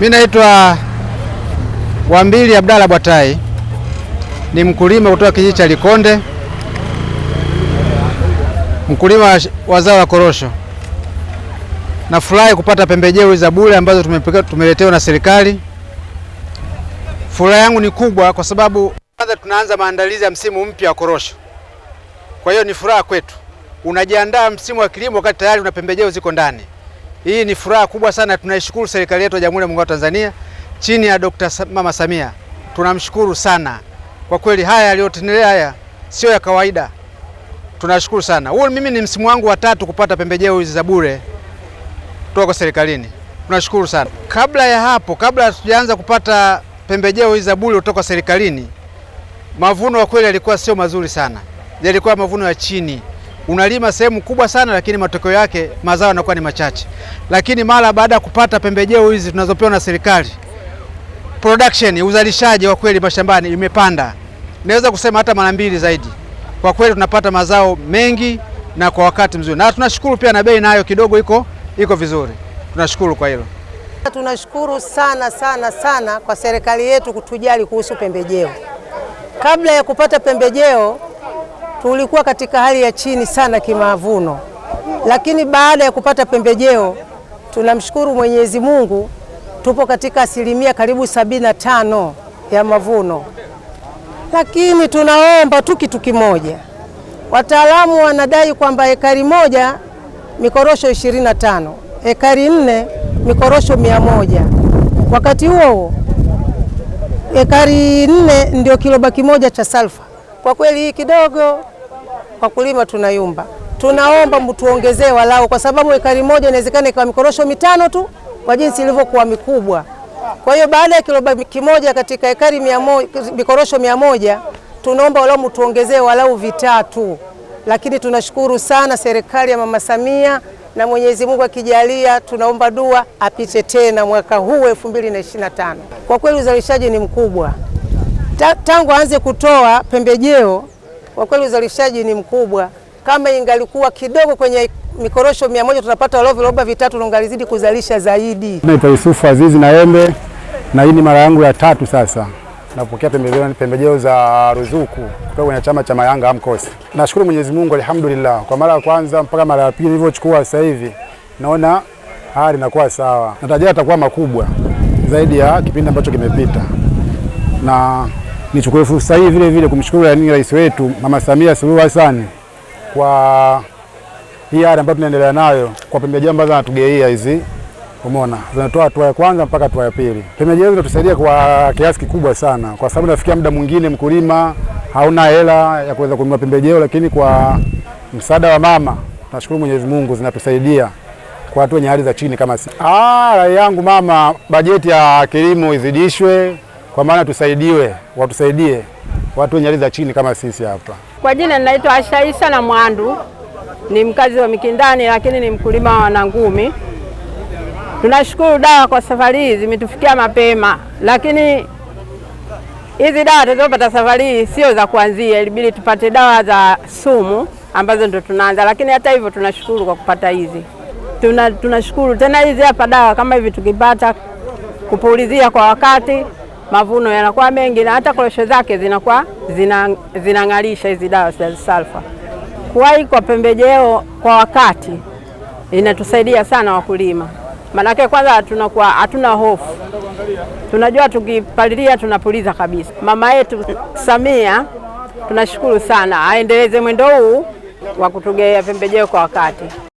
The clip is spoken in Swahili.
Mi naitwa wambili Abdalla Bwatai, ni mkulima kutoka kijiji cha Likonde, mkulima wa zao la korosho. Nafurahi kupata pembejeo za bure ambazo tumeletewa na serikali. Furaha yangu ni kubwa kwa sababu kwanza tunaanza maandalizi ya msimu mpya wa korosho, kwa hiyo ni furaha kwetu. Unajiandaa msimu wa kilimo wakati tayari una pembejeo ziko ndani. Hii ni furaha kubwa sana. Tunaishukuru serikali yetu ya Jamhuri ya Muungano wa Tanzania chini ya Dr. Mama Samia, tunamshukuru sana kwa kweli. Haya yaliyotendelea haya sio ya kawaida, tunashukuru sana. Huu mimi ni msimu wangu wa tatu kupata pembejeo hizi za bure kutoka serikalini, tunashukuru sana. Kabla ya hapo, kabla hatujaanza kupata pembejeo hizi za bure kutoka serikalini, mavuno kwa kweli yalikuwa sio mazuri sana, yalikuwa mavuno ya chini unalima sehemu kubwa sana, lakini matokeo yake mazao yanakuwa ni machache. Lakini mara baada ya kupata pembejeo hizi tunazopewa na serikali, production, uzalishaji wa kweli mashambani imepanda, naweza kusema hata mara mbili zaidi. Kwa kweli tunapata mazao mengi na kwa wakati mzuri, na tunashukuru pia na bei nayo kidogo iko iko vizuri. Tunashukuru kwa hilo. Tunashukuru sana sana sana kwa serikali yetu kutujali kuhusu pembejeo. Kabla ya kupata pembejeo tulikuwa katika hali ya chini sana kimavuno, lakini baada ya kupata pembejeo tunamshukuru Mwenyezi Mungu, tupo katika asilimia karibu sabini na tano ya mavuno. Lakini tunaomba tu kitu kimoja, wataalamu wanadai kwamba ekari moja mikorosho ishirini na tano ekari nne mikorosho mia moja Wakati huo ekari nne ndio kiloba kimoja moja cha salfa. Kwa kweli hii kidogo, wakulima tunayumba, tunaomba mtuongezee walau, kwa sababu ekari moja inawezekana ikawa mikorosho mitano tu kwa jinsi ilivyokuwa mikubwa. Kwa hiyo baada ya kiloba kimoja katika ekari mia moja, mikorosho mia moja tunaomba walau mtuongezee walau vitatu, lakini tunashukuru sana serikali ya Mama Samia na Mwenyezi Mungu akijalia, tunaomba dua apite tena mwaka huu 2025. Kwa kweli uzalishaji ni mkubwa. Ta, tangu aanze kutoa pembejeo kwa kweli uzalishaji ni mkubwa. Kama ingalikuwa kidogo kwenye mikorosho mia moja tunapata lovu roba vitatu ungalizidi kuzalisha zaidi. Naitwa Yusufu Azizi Naembe, na hii ni mara yangu ya tatu sasa napokea pembejeo, pembejeo za ruzuku kutoka kwenye chama cha Mayanga Amkosi. Nashukuru Mwenyezi Mungu, alhamdulillah, kwa mara ya kwanza mpaka mara ya pili nilivyochukua sasa hivi naona hali inakuwa sawa, natarajia atakuwa makubwa zaidi ya kipindi ambacho kimepita na Nichukue fursa hii vile vile kumshukuru yaani rais wetu Mama Samia Suluhu Hassan kwa hii ada ambayo tunaendelea nayo kwa pembejeo ambazo anatugeia hizi, umeona zinatoa hatua ya kwanza mpaka hatua ya pili. Pembejeo hizi zinatusaidia kwa kiasi kikubwa sana, kwa sababu nafikia muda mwingine mkulima hauna hela ya kuweza kununua pembejeo, lakini kwa msaada wa mama, tunashukuru Mwenyezi Mungu, zinatusaidia kwa watu wenye hali za chini kama sisi. Ah, rai yangu mama, bajeti ya kilimo izidishwe kwa maana tusaidiwe, watusaidie watu wenye hali za chini kama sisi hapa. Kwa jina ninaitwa Isa na Mwandu, ni mkazi wa Mikindani, lakini ni mkulima wa Nangumi. Tunashukuru dawa kwa safari hii zimetufikia mapema, lakini hizi dawa tulizopata safari hii sio za kuanzia, ilibidi tupate dawa za sumu ambazo ndo tunaanza, lakini hata hivyo tunashukuru kwa kupata hizi. Tuna, tunashukuru tena hizi hapa dawa kama hivi tukipata kupulizia kwa wakati mavuno yanakuwa mengi na hata korosho zake zinakuwa zinang'alisha zina hizi dawa za sulfa. Kuwahi kwa pembejeo kwa wakati inatusaidia sana wakulima, maanake kwanza tunakuwa hatuna hofu, tunajua tukipalilia tunapuliza kabisa. Mama yetu Samia tunashukuru sana, aendeleze mwendo huu wa kutugawia pembejeo kwa wakati.